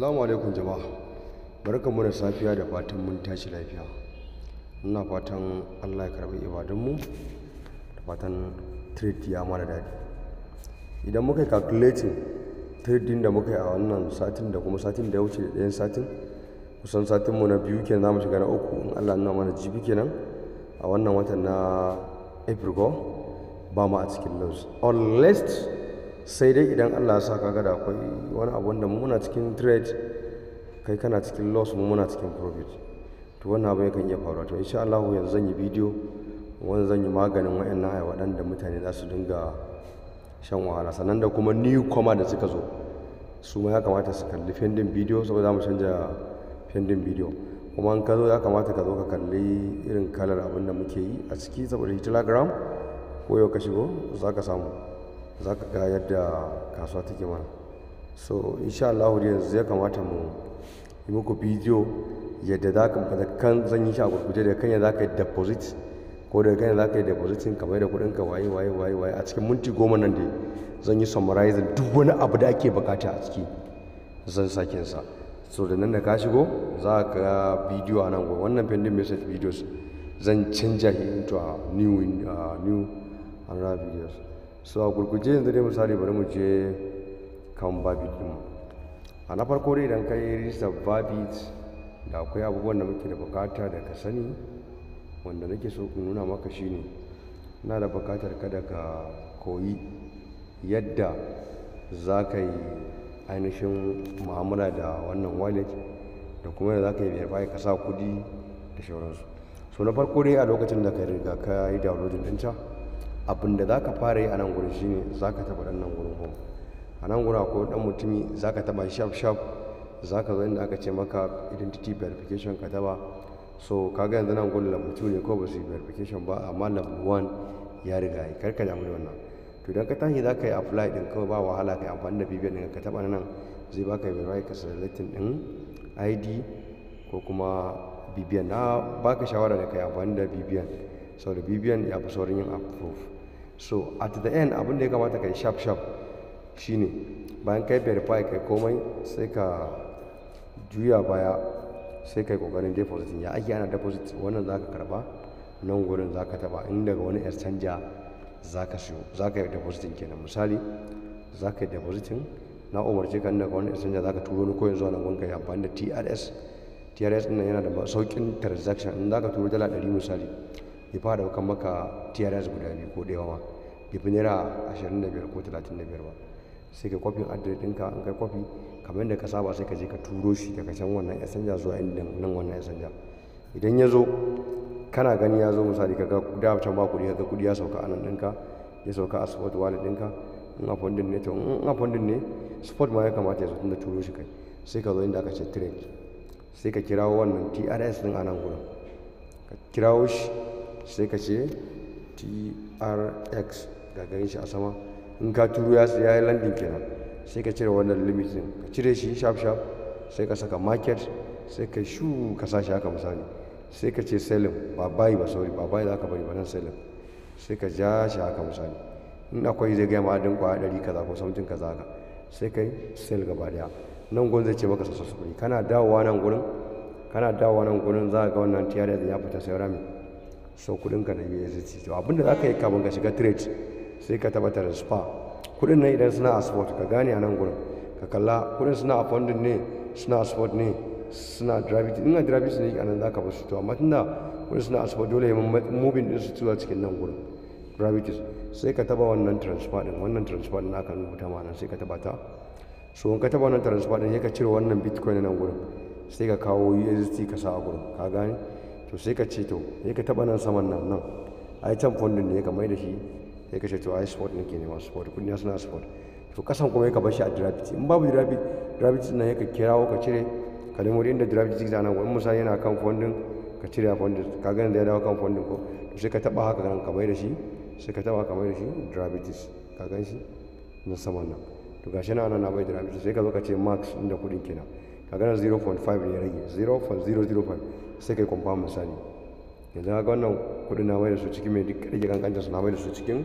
Assalamu alaikum jama'a. mu da safiya da fatan mun tashi lafiya. Ina fatan Allah ya karɓi ibadunmu da fatan treat ya mana daɗi. Idan muka yi calculating da muka yi a wannan satin da kuma satin da ya wuce da ɗayan satin kusan satin mu na biyu kenan zamu shiga na uku in Allah nuna mana jibi kenan a wannan watan na April ba mu a cikin lows. Unless sai dai idan allah ya sa kaga da akwai wani abu wanda muna cikin trade kai kana cikin loss mu muna cikin profit to wannan abu yakan iya faruwa to insha allah yanzu zan yi bidiyo wani zan yi maganin wa'annan ai waɗanda mutane za su dinga shan wahala sannan da kuma newcomer da suka zo su ma ya kamata su kalli fendin bidiyo saboda za mu canja fendin bidiyo kuma in ka zo ya kamata ka zo ka kalli irin kalar abin da muke yi a ciki saboda telegram ko yau ka shigo za ka samu za ka ga yadda kasuwa take mana so insha Allah yanzu ya kamata mu yi muku bidiyo yadda za ka da kan zan yi shi a gurguje da kan yadda za ka yi deposit ko da kan yadda za ka yi deposit in kamar da kuɗin ka waye waye waye waye a cikin minti goma nan da zan yi summarizing duk wani abu da ake bukata a ciki zan sake sa so da nan da ka shigo za ka ga bidiyo a nan gobe wannan pending message videos zan canja shi into a new uh, new another videos Su a gurguje yanzu dai misali bari mu je kan babit din a na farko dai idan kai rijistar babit da akwai abubuwan da muke da bukata da ka sani wanda nake so in nuna maka shine na da bukatar ka daga ka koyi yadda za ka yi ainihin mu'amala da wannan wallet da kuma da za ka yi da ka sa kudi da shauransu so na farko dai a lokacin da ka riga ka yi downloading ta? abin da za ka fara yi a nan gurin ne za ka taɓa ɗan nan gurin home a nan gurin akwai ɗan mutumi za ka taɓa shaf shaf za ka zo inda aka ce maka identity verification ka taɓa so ka ga yanzu nan gurin lambatu ne ko ba su yi verification ba amma level 1 ya riga yi karka damu da wannan to idan ka tashi za ka yi apply ɗin kawai ba wahala ka yi amfani da bibiyar ɗin ka taɓa nan zai baka yi verify ka selecting ɗin id ko kuma bibiyan na baka shawara da ka yi amfani da bibiyan sau da bibiyan ya fi saurin yin approve so at the end abin da ya kamata ka yi sharp sharp shine bayan kai verify kai komai sai ka juya baya sai kai kokarin deposit ya ake ana deposit wannan zaka karba nan gurin zaka taba in daga wani exchange zaka siyo zaka yi deposit kenan misali zaka yi deposit na umarce ka daga wani exchange zaka turo ni koyin zuwa nan gurin kai amfani da TRS TRS din yana da saukin transaction in zaka turo dala 100 misali bai fara daukan maka trs guda biyu ko ɗaya ma bai fi naira ashirin da biyar ko talatin da biyar ba sai ka kwafin adadin ɗinka an kai kwafi kamar da ka saba sai ka je ka turo shi daga can wannan sanja zuwa inda nan wannan sanja idan ya zo kana gani ya zo misali ka ga da can ba kuɗi ka ga kuɗi ya sauka a nan ɗinka ya sauka a sport wallet ɗinka in a fondin ne to in a fondin ne sport ma ya kamata ya zo tunda turo shi kai sai ka zo inda aka ce trade sai ka kirawo wannan trs ɗin a nan gurin ka kirawo shi sai ka ce trx ga ganin shi a sama in ka turu ya yi landing kenan sai ka cire wannan limitin ka cire shi shaf shaf sai ka saka market sai ka shu ka shi haka misali sai ka ce selling ba bayi ba sauri ba bayi za ka bari ba nan selling sai ka ja shi haka misali in akwai zai gaya ma kwa kwaya ɗari kaza ko samtin kaza haka sai ka yi sell gaba daya nan gwan zai ce maka sassa sukuri kana dawowa nan gurin kana dawowa nan gurin za ka ga wannan tiyar ya fita sai rami Sau kudin ka na USDT to abinda zaka yi kafin ka shiga trade sai ka tabbatar da SPA kudin nan idan suna a sport ka gane a nan gurin ka kalla kudin suna a funding ne suna a sport ne suna drive in a driving ne a nan zaka basu to amma tunda kudin suna a sport dole ya moving din su zuwa cikin nan gurin gravities sai ka taba wannan transfer din wannan transfer din aka rubuta ma sai ka taba ta so in ka taba wannan transfer din sai ka cire wannan bitcoin nan gurin sai ka kawo USDT ka sa a gurin ka gane to sai ka ce to ka taɓa nan saman nan nan ai can fondin ne ka mai da shi sai ka ce to ai sport ke nema sport kudi na suna sport to kasan kuma ka bar shi a draft in babu draft draft nan ka kirawo ka cire ka nemo inda draft zai zana wani misali yana kan fondin ka cire a fondin ka gani da ya dawo kan fondin ko to sai ka taba haka nan ka mai da shi sai ka taba ka mai da shi draft ka gan shi na saman nan to gashi na bai draft sai ka zo ka ce max inda kudin kenan ka gani 0.5 ne ya rage 0.005 sai kai kwamfa misali yanzu haka wannan kudin na mai da su cikin mai duk rage kankanta su na mai da su cikin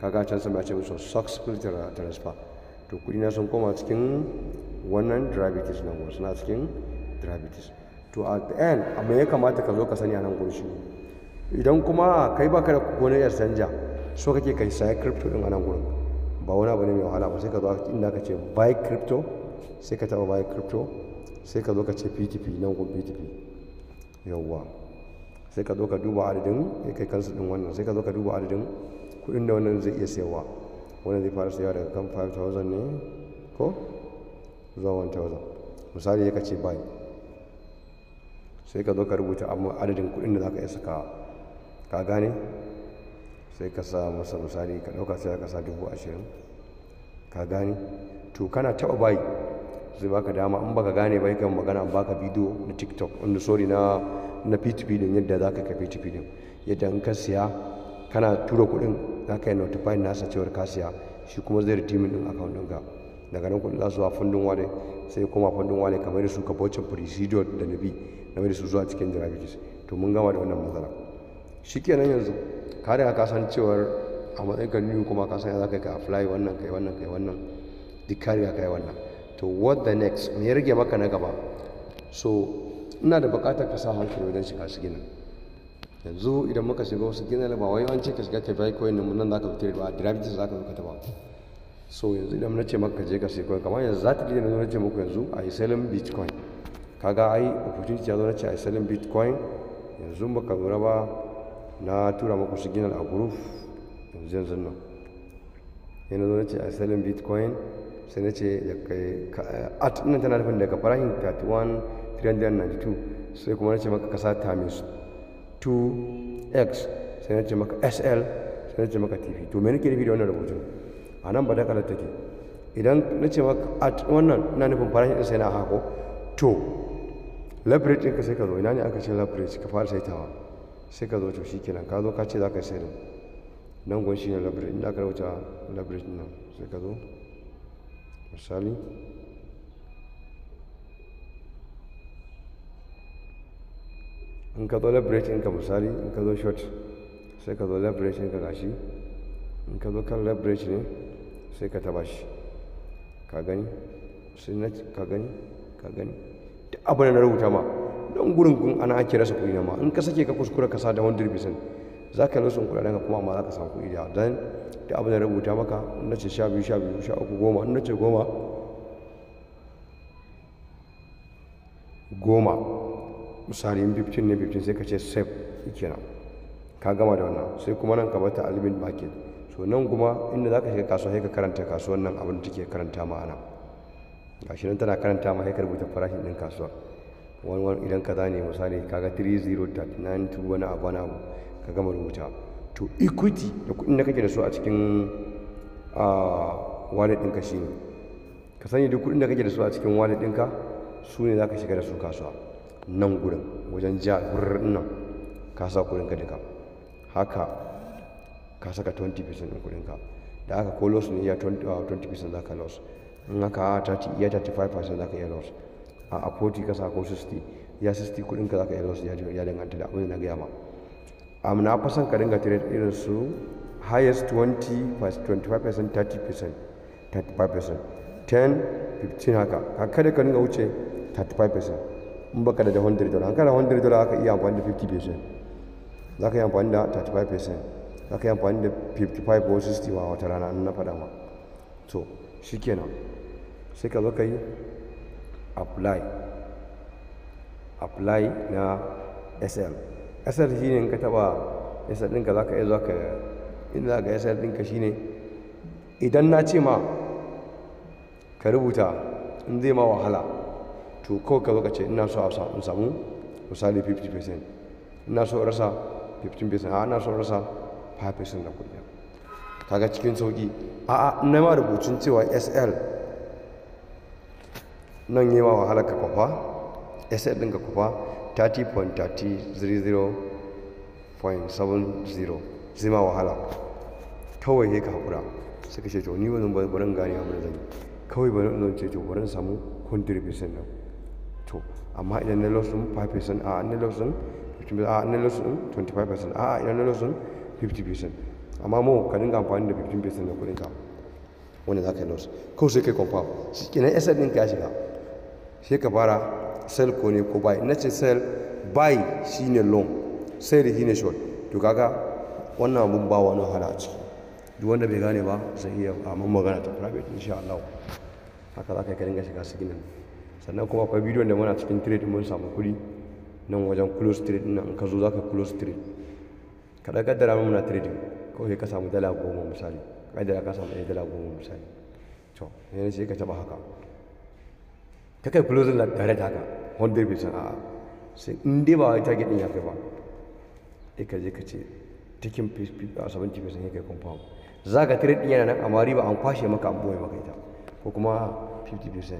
kaga can sama ce musu successful transfer to kudi na sun koma cikin wannan derivatives nan wasu na cikin derivatives to at the end ya kamata ka zo ka sani a nan gurshi idan kuma kai baka da wani sanja so kake kai saya crypto din a nan gurin ba wani abu ne mai wahala ba sai ka zo inda ka ce buy crypto sai ka taba buy crypto sai ka zo ka ce ptp nan gurin ptp yawwa sai ka zo ka duba adadin ya kai kansu din wannan sai ka zo ka duba adadin kuɗin da wannan zai iya sayawa wannan zai fara sayawa daga kan 5000 ne ko zuwa 1000 misali ya kace bai sai ka zo ka rubuta amma adadin kuɗin da za ka iya saka ka gane sai ka sa masa misali ka ɗauka sai ka sa dubu ashirin ka gane to kana taɓa bayi zai baka dama in baka gane ba yakan magana baka bidiyo na tiktok wanda sorry na na p2p din yadda za ka kai p2p din yadda in ka siya kana tura kuɗin za ka yi notify nasa cewar ka siya shi kuma zai redeem din account ka. daga nan kuɗin za su a fundin wale sai kuma fundin wale kamar da su ka bocin procedure da na bi na mai da su zuwa cikin jirage to mun gama da wannan matsala shi kenan yanzu ka riga ka san cewar a matsayin ka kuma ka san ya za ka yi ka apply wannan kai wannan kai wannan duk ka riga ka yi wannan to what the next me ya rage maka na gaba so ina da bukatar ka sa hankali wajen shiga su ginin yanzu idan muka shiga wasu ginin ba wai an ce ka shiga ka bai koyin mun nan zaka fitar ba drive zaka zo ka taba so yanzu idan na ce maka ka je ka sai coin kamar yanzu za ta gina na ce muku yanzu a yi selling bitcoin kaga ai opportunity ya zo na ce a yi selling bitcoin yanzu baka lura ba na tura maku su ginin a group yanzu yanzu nan yanzu zo na ce a yi selling bitcoin sai na ce kai at nan tana nufin daga farashin 31,392 sai kuma na ce maka kasa times 2x sai na ce maka sl sai na ce maka tv to me nake nufi da wannan rubutun a nan ba da kalar take idan na ce maka at wannan na nufin farashin ɗin sai na hako to leverage ka sai ka zo ina ne aka ce leverage ka fara saitawa sai ka zo to shikenan ka zo ka ce za ka sai nan gun shi ne leverage inda aka rauta leverage nan sai ka zo misali in ka zo leverage ka misali in ka zo short sai ka zo leverage ka gashi in ka zo kan leverage ne sai ka taba shi ka gani sai na ka gani ka gani Da abu da na rubuta ma don gurin kun ana ake rasa kuɗi na ma in ka sake ka kuskura ka sa da 100% za ka lusun kuɗaɗen ka kuma amma za ka samu kuɗi da dan da abin da rubuta maka na ce sha biyu sha biyu sha uku goma na ce goma goma misali in 15 ne 15 sai ka ce save kenan ka gama da wannan sai kuma nan ka bata alimin market so nan kuma inda za ka shiga kasuwa sai ka karanta kasuwan nan abin da take karanta ga shi nan tana karanta ma sai ka rubuta farashin din kasuwa wani wani idan za ne misali kaga 3039 wani abu wani abu ka gama rubuta to equity da kuɗin da kake da su a cikin wallet ɗinka shi ne ka sani duk kuɗin da kake da su a cikin wallet ɗinka su ne za ka shiga da su kasuwa nan gurin wajen ja wurin nan ka sa ka duka haka ka saka 20% ɗin ka da aka ko loss ne iya 20% za ka loss in haka 30 iya 35% za ka iya loss a 40 ka sa ko 60 ya 60 ka za ka iya loss ya danganta da abin da na gaya ma am na fi son ka dinga trade irin su highest 20 25% 30% 35% 10 15 haka haka da ka dinga wuce 35% in baka da 100 dollar an kana 100 dollar ka iya amfani da 50% za ka yi amfani da 35% za ka yi amfani da 55 ko 60 ma wata rana na faɗa ma to shi kenan sai ka zo ka yi apply apply na sl Ƙasar shi ne in ka taɓa yasar ɗinka za ka iya zuwa ka inda za ka yasar ɗinka shi ne idan na ce ma ka rubuta in zai ma wahala to kawai ka zo ka ce ina so in samu misali 50% ina so rasa 15% a ina so rasa 5% na kuɗi kaga cikin sauƙi a na ma rubutun cewa sl nan yi ma wahala ka kwafa sl ɗin ka kwafa 30.30.70.70 zima wahala kawai sai ka haƙura suka ce to ni ba barin gani a da zan kawai barin zan ce to barin samu 100% nan to amma idan na loss 5% a na loss din 25% a na loss 25% a a idan na loss 50% amma mu ka dinga amfani da 15% na kudin ka wanda za ka yi loss kawai sai kai confirm shi kenan asset ɗin ka shiga sai ka fara sell ko ne ko buy na ce sell buy shine loan da shine short to kaga wannan abun ba wani wahala a ciki duk wanda bai gane ba zai iya amma magana ta private insha Allah haka za ka ka dinga shiga signal sannan kuma akwai bidiyon da muna cikin trade mun samu kuɗi nan wajen close trade din in ka zo za ka close trade ka da kaddara muna trading kawai ka samu dala goma misali kaddara ka samu dala goma misali to yanzu sai ka taba haka ta kai closing like direct jaga. 100% a'a sai in bawa ba wai ni din ya ba ka je ka ce cikin 70% ya kai compound za ka trade din yana nan amma riba an kwashe maka an boye maka ita ko kuma 50%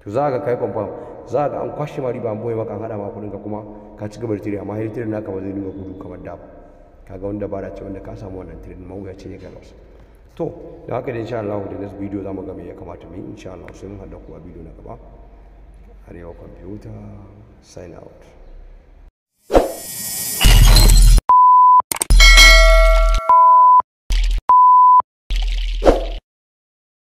to za ka kai compound za ka bawa kwashe ma riba an boye maka an hada ma kuma ka ci gaba da trade amma har trade naka ba zai dinga gudu ka wanda ba da ka wannan ga to da haka da insha Allah da nas video zamu ga me ya kamata mu yi insha Allah sai mun hada ku a video na gaba arewa computer sign out